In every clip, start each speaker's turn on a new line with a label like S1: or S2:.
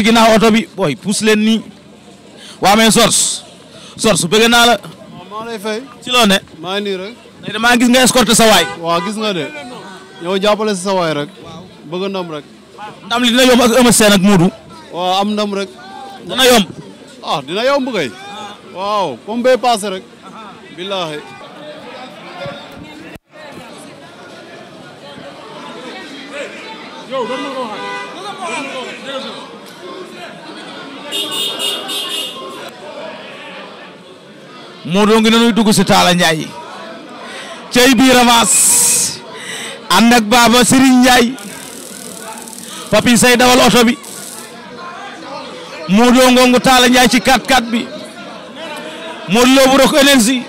S1: ci ginnaaw oto bi booy pousse leen nii waa mais Zors naa la.
S2: maa lay fay. rek. léegi gis nga escorté sa waay. gis nga de ñëw jàppale si rek. bëgg ndam rek. ndam li dina yomb ak Eumeu Sène ak Modou. waaw am ndam rek. dina yomb. ah dina yomb kay. waaw comme bee paase rek. billaahi.
S1: Modou ngi nanuy dugg si Talla Ndiaye cey bi revanche ànd ak Baba Serigne Ndiaye papi dawal oto bi Modou ngongu Talla Ndiaye ci 4-4 bi Modou Lo bu rok énergie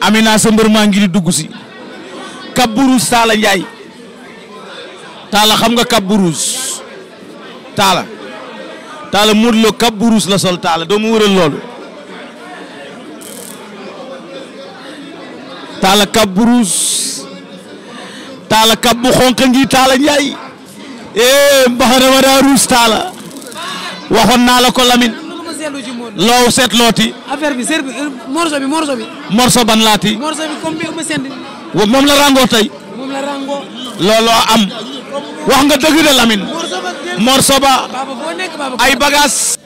S1: Amina sa mbër maa ngi di dugg si Cap Rouge Talla Ndiaye xam nga Cap Rouge Talla Talla Modou Lo Cap Rouge la sol Talla doo mu wëral loolu taala kab bu ruus taala kab bu xonq taala njaay ee eh, mbaxana ma daa ruus taala waxoon naa la ko lamin loo seet looti bi seer bi euh, morso bi morso bi morso ban laati morso bi la rango tey moom la am wax nga dëgg lamin morso ba ay bagaas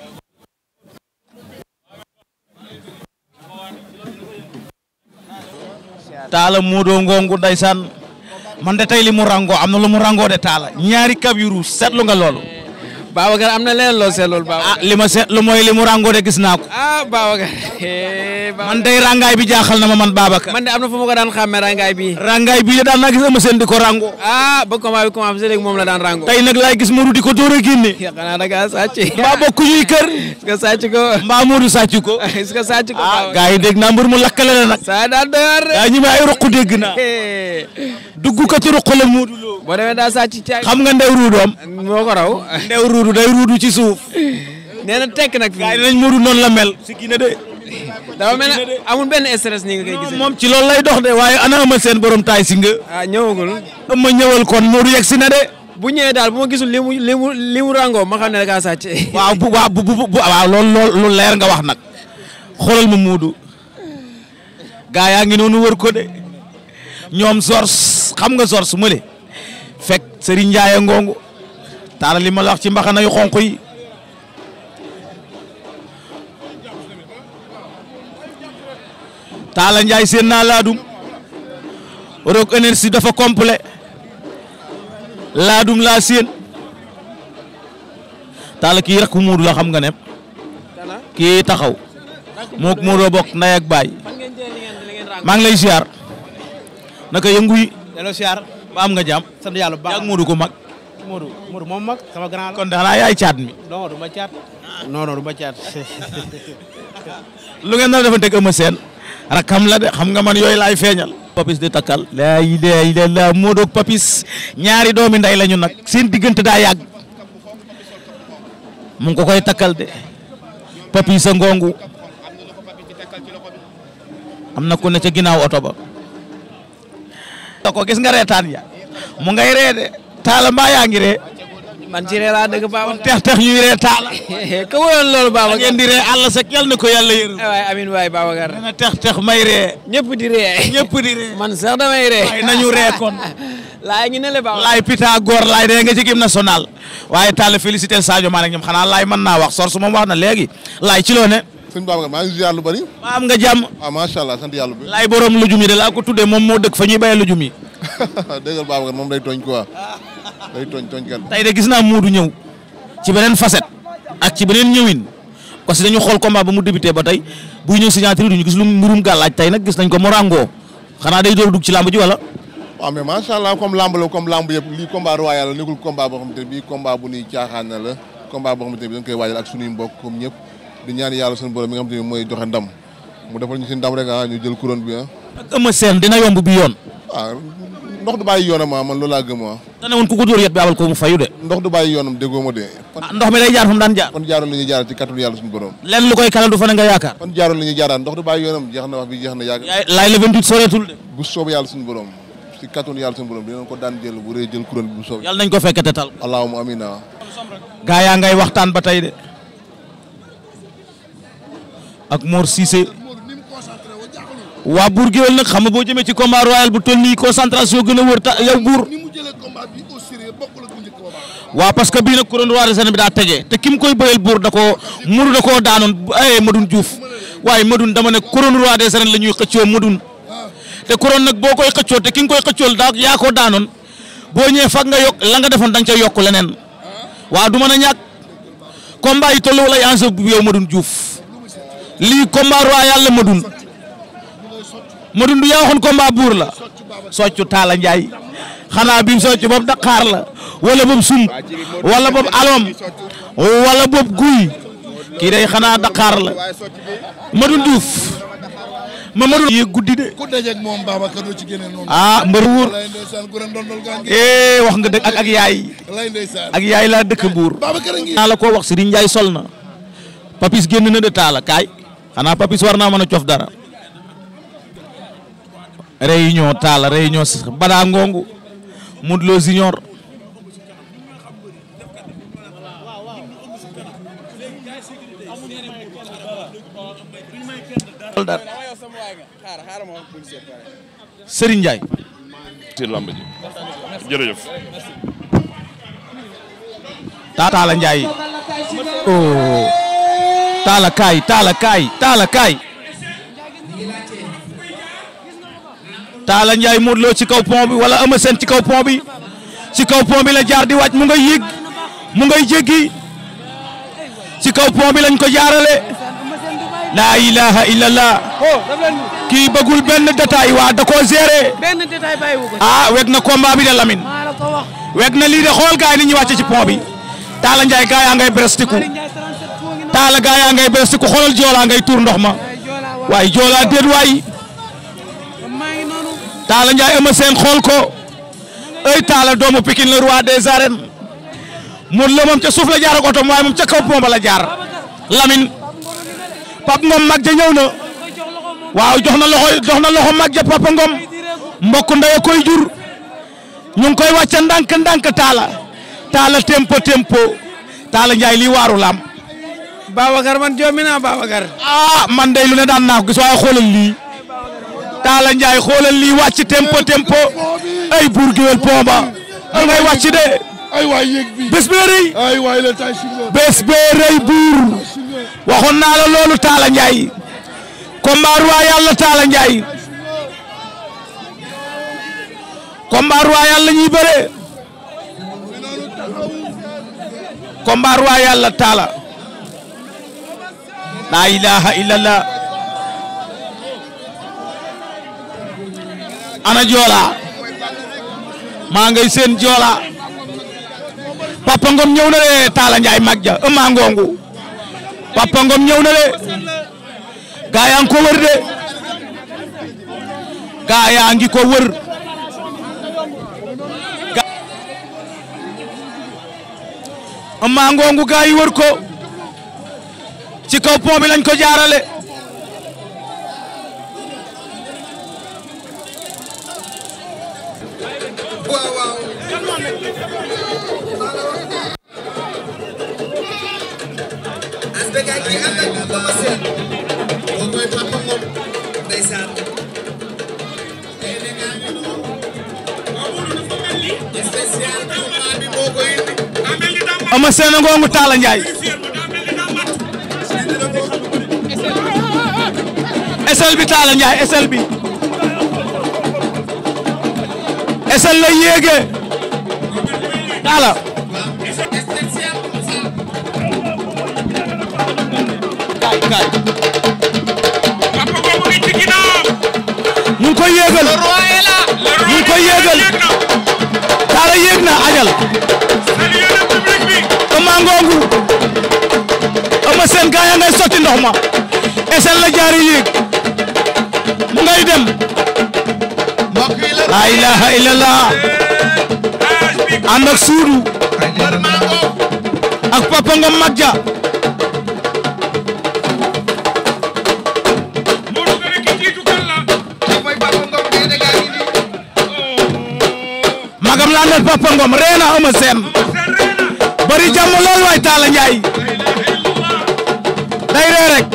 S1: taala Modou Ngongu ndeysaan man de tey li mu rango am na lu mu rango de taala ñaari kabiru seetlu nga loolu. Babacar am na leneen loo seetlu loolu. Babacar ah li ma seetlu mooy li mu de gis man day rangaay bi jaaxal na ma man Babacar. man de am na ma ko daan xàmmee rangaay bi. rangaay bi daan naa gis Eumeu Sène di ko rango. ah ba combat bi commencé léegi moom la daan rango. tey nag laay gis Modou di ko door a génne. xanaa da ngaa sàcc. mbaa bokk ñuy kër. est-ce que sàcc ko. mbaa Modou sàcc ko. est-ce que sàcc ko. ah gars yi dégg naa mbir mu lakkale la nag. saa ñu may ay ruq dégg naa. dugg ko la Modou Lo. boo demee daa sàcc ci suuf. nee na tekk nag. gars yi dinañ Modou la mel. dafa mel ne amul benn stress ni nga koy gisee. moom ci loolu lay dox de waaye ana ma seen borom taay si nga. ah ñëwagul. ma ñëwal kon Modou yegg si na de. bu ñëwee daal bu ma gisul li mu li mu li mu ràngoo ma xam ne rek a waaw bu waaw bu bu bu waaw loolu leer nga wax nag xoolal ma Moodu gaa yaa ngi noonu wër ko de ñoom sors xam nga sors mële fekk Serigne Ndiaye ngongu taala li ma la wax ci mbaxana yu xonq Talla Ndiaye seen naa laadum roog énergie dafa complet laadum laa seen Talla kii rakku Modou la xam nga ne kii taxaw moog Modou bokk ndey ak baay maa ngi lay ziar naka yëngu yi. delloo nga jàmm. sant yàlla bu baax ak Modou mag. Modou Modou moom mag sama grand la. yaay caat mi. non du du ma caat. lu ngeen nar a defante ak Eumeu Sène rakam la de xam nga man yooyu laay feeñal. papis di takkal. laa ilaaha illallaah moo doog papis ñaari doomi nday lañu nag seen diggante daa yàgg mu ngi ko koy takkal de papis a ngongu am na ku ne ca ginnaaw oto ba. da ko gis nga reetaan ya mu ngay ree de taala yaa ngi ree man ci ree laa dëgg baaba tex tex ñuy ree taal ka woyoon loolu baaba ngeen di ree àll sax yal na ko yàlla yërëm ree di ree di ree man sax damay ree waaye nañu ree kon laay ngi ne le baaba laay Pythagore laay ree nga ci équipe nationale waaye taal félicité Sadio Mané ak ñoom xanaa laay mën naa wax source moom wax na léegi laay ci loo ne
S2: sëñ Babacar maa ngi ziar lu bari maa am nga jàmm waaw ah, macha allah sant yàlla bi
S1: laay borom lujum yi de laa ko tuddee moom moo dëkk fa ñuy béyee lujum yi
S2: day tooñ tooñ kat
S1: tey de gis naa Modou ñëw ci beneen facette ak ci beneen ñëwin parce que dañu xool combat ba mu débuté ba tey buy ñëw signature du ñu gis lu mburum gàllaaj tey nag gis nañ ko morango xanaa day door dugg ci làmb ji wala.
S2: waaw mais macha allah comme làmb la comme làmb yëpp lii combat royal la nekkul combat boo xamante ne bii combat bu nuy caaxaan na la combat boo xamante ne bii dañ koy waajal ak suñuy mbokk comme ñëpp di ñaan yàlla suñu borom mu defal ñu si ndam rek ah ñu jël ndox du bàyyi yoonam ah, man loolu laa gëm ah. dana woon ku ko dóor yet bi abal ko mu fayu de. ndox du bàyyi yoonam déggoo ma de. Ah, ndox mi day jaar fu daan jaar. kon
S1: lu koy kanal du nga yaakaar.
S2: kon jaaroon la ñuy jaaraat ndox de. bu soob yàlla suñu borom ci kàttanu yàlla suñu borom dinañ ko daan jël bu rëy jël kuréel bu soob. yàlla nañ ko fekk te tal. allahumma amina. Ah.
S1: gaa yaa ngay waxtaan ba tey de ak Mor Cissé waa buur géwél nag xam nga boo jëmee ci combat royal bu toll nii concentration gën a wër ta yow buur waaw parce que bii nag couronne roi de sene bi daa tege te ki mu koy bëyal buur da koo muru da koo daanoon ay eh, Madoune Diouf waaye Madoune dama ne couronne roi de sene la ñuy xëccoo Madoune ah. te couronne nag boo koy xëccoo te ki nga koy xëccool daa yaa koo daanoon boo ñëwee fag nga yokk la nga defoon da nga ca yokk leneen ah. waaw du mën a ñàkk combat yi toll wala ay enjeu bu yow Madoune Diouf lii combat royal la Madoune ma dund yaa waxoon combat buur la soccu taala Ndiaye xanaa bi mu soccu boobu Dakar la wala boobu sum wala boobu alom wala boobu guy kii day xanaa Dakar la Madou Diouf ma Madou yéeg guddi de
S2: ah mbër wuur eh wax nga dëgg ak yaay ak laa dëkk Mbour
S1: naa la koo wax Serigne Ndiaye sol na papis génn na de Talla kaay xanaa papis war naa mën a cof dara réunion taal réunion sax badaa ngongu Modou Lo Junior Serigne Ndiaye kaay Taala kaay Talla njaay Modou Lo ci kaw pont bi wala Eumeu Sène ci kaw pont bi ci kaw pont bi la jaar di wàcc mu ngay yéeg mu ngay jéggi ci kaw pont bi lañ ko jaarale laa ilaha illallah oh, kii bëggul benn détail waa da koo géré ah weg na combat bi na lii de xool gaay ni ñu wàcce ci pont bi Talla Ndiaye gaa yaa ngay brestiku Talla gaa yaa ngay brestiku xoolal Joola ngay tuur ndox ma waaye Joola déet waay Talla Ndiaye Eumeu Sène xool ko ay Talla doomu Pikine le roi des arènes Modou Lo moom ca suuf la jaar ak oto waaye moom ca kaw pomba la jaar Lamine Pape Ngom mag ja ñëw na waaw jox na loxo jox na loxo mag ja Papa Ngom mbokk ndey koy jur ñu koy wàcca ndànk ndànk Talla tempo tempo Talla Ndiaye lii waaru lam Babacar man joomi naa Babacar ah man day lu ne daan naa gis waaye xoolal lii Talla Ndiaye xoolal lii wàcc tempo tempo ay Bour Gueweul Pomba da ngay wàcc de bés bee rëy bés bee rëy buur loolu Talla Ndiaye combat royal la Talla Ndiaye combat royal la ñuy bëre la Talla la ana Joola maa ngay seen Joola Papa Ngom ñëw na le Talla Ndiaye mag ja ëmma ngongu Papa Ngom ñëw na le gaa yaa ngi ko wër de gaa yaa ngi ko wër ëmma ngongu gaa yi wër ko ci kaw pont bi lañ ko jaarale day ànd ak moom ba ma seet boo koy papa moom ndeysaan ama seen a la yéege Talla ngaay papa ko mu ngi ci ginnaaw ñu ngi koy yéegal ñu ngi koy yéegal taala yéeg na ajal ngay sotti ndox ma esel la jaari yéeg mu ngay dem la ilaha illallah ànd ak suudu ak papa nga mag ja Landal Papa Ngom reena Eumeu Sène bari jàmm lool waay Talla Ndiaye day ree rek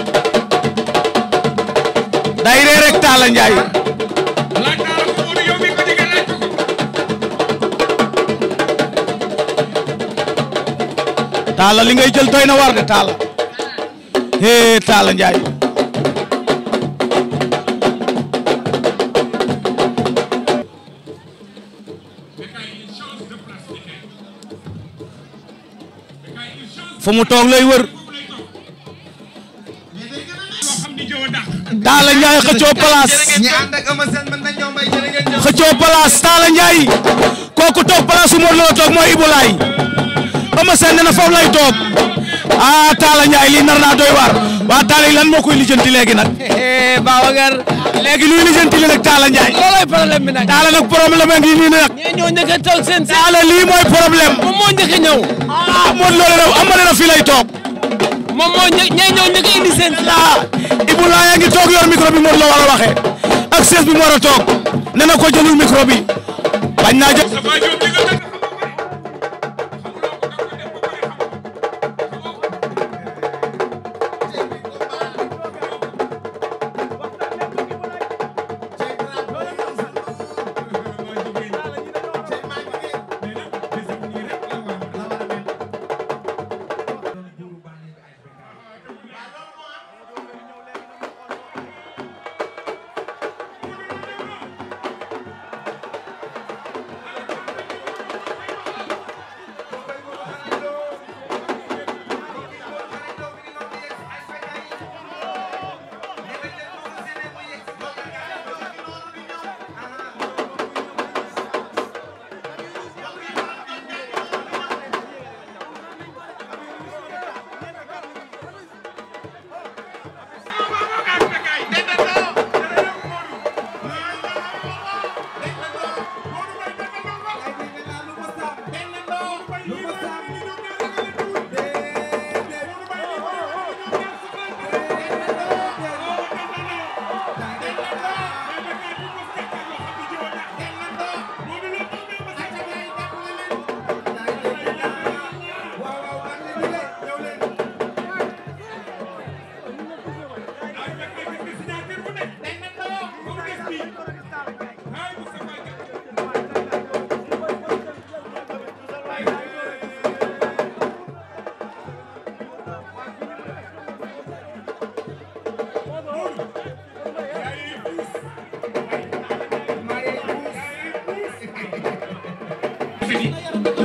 S1: day ree rek Talla Ndiaye Talla li ngay jël doy na war de Talla hee Talla Ndiaye fu mu toog lay wër Talla Ndiaye xëccoo place xëccoo place Talla Ndiaye kooku toog place su Modou Lo toog mooy Ibou Laye Eumeu Sène nee na toog ah Talla Ndiaye lii nar naa doy waar waa Talla yi lan moo koy lijjanti léegi nag Babacar léegi luy lijjanti leen ak Talla Ndiaye. loolooy problème bi nag. Talla nag problème ak yi nii nag. ñii ñoo njëkk a toog seen. lii mooy problème. moom moo njëkk a ñëw. ah Modou Lo la am na toog. moom moo ñë ñee ñoo njëkk a yaa ngi toog yor micro bi Modou Lo war a waxee. ak chaise bi mu war a toog. nee ko jëlul micro bañ naa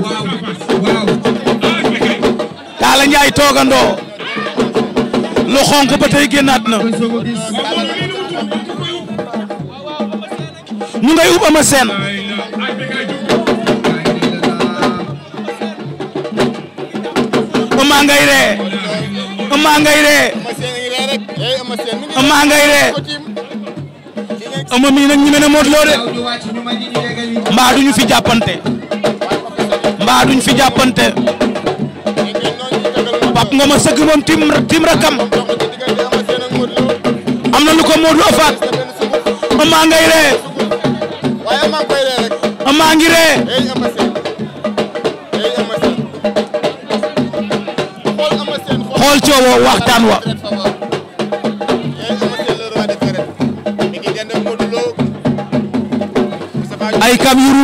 S1: waaw waaw Talla Ndiaye toogandoo lu xonk ba tey génnaat na ñu ngay ub ama seen ama ngay ree ama ngay ree ama ngay ree ama mii nag ñi mene Modou Lo de mbaa duñu fi jàppante mbaa duñ fi jàppante Pape Ngom a sëgg moom tim tim rakam am na lu ko Modou afaat amaa ngay ree amaa ngi ree coowo waxtaan wa ay kam yu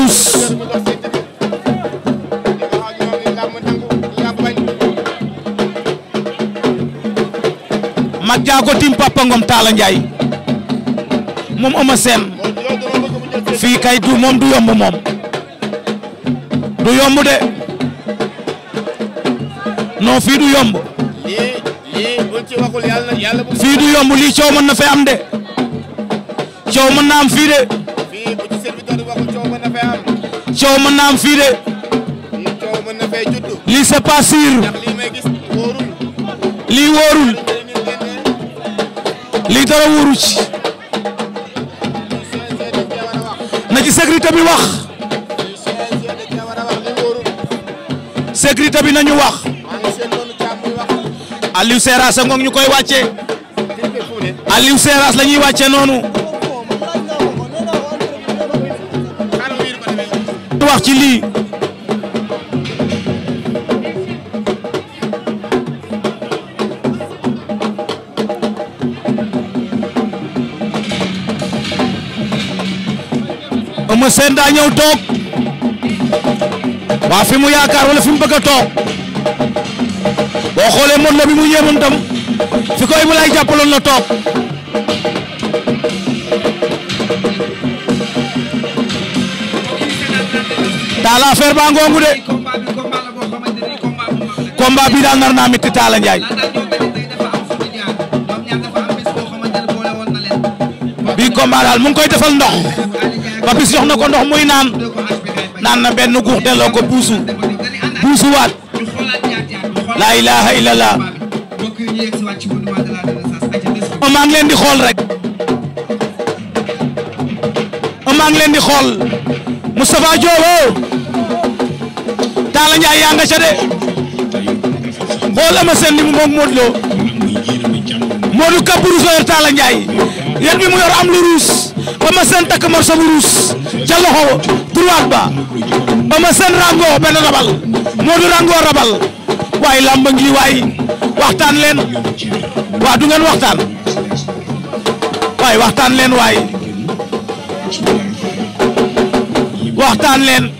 S1: Ndiago tim Papa Ngom Talla Ndiaye moom Eumeu Sène kay du moom du yomb moom du yomb de non fii du yomb fii du yomb lii coow am de coow mën na am fii de coow mën na wóorul lii dara wóoru ci na ci sécurité bi wax sécurité bi nañu wax Aliou Seras sa ngoog ñu koy wàccee Aliou lañuy la ñuy wàccee noonu wax ci lii Eumeu Sène daa ñëw toog waa fi mu yaakaar wala fi mu bëgg a toog boo xoolee Modou Lo bi mu ñëwoon tam fi koy bu lay jàppaloon la toog taala affaire baa ngongu de combat bi daal nar naa métti Talla Ndiaye bi combat daal mu ngi ndox Papis jox na ko ndox muy naan naan na benn guux delloo ko buusu buusu waat laa ilaaha illallah maa ngi leen di xool rek maa ngi leen di xool Moustapha Diop oh. Talla Ndiaye yaa nga ca de xool ama seen li mu moog Modou Lo Modou Kapoor soo yor Talla Ndiaye yet mu yor am lu ruus Eumeu Sène takk morso bu ruus ca loxo droite ba Eumeu Sène rango benn rabal Modou rango rabal waay lamba ngi waay waxtaan leen waa du ngeen waxtaan waay waxtaan leen waay waxtaan leen